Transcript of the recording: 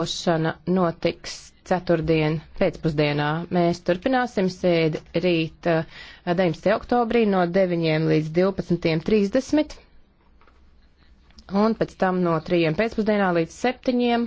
Balsošana notiks ceturtdien pēcpusdienā. Mēs turpināsim sēdi rīt 19. Eh, oktobrī no 9 līdz 12.30 un pēc tam no 3 pēcpusdienā līdz 7.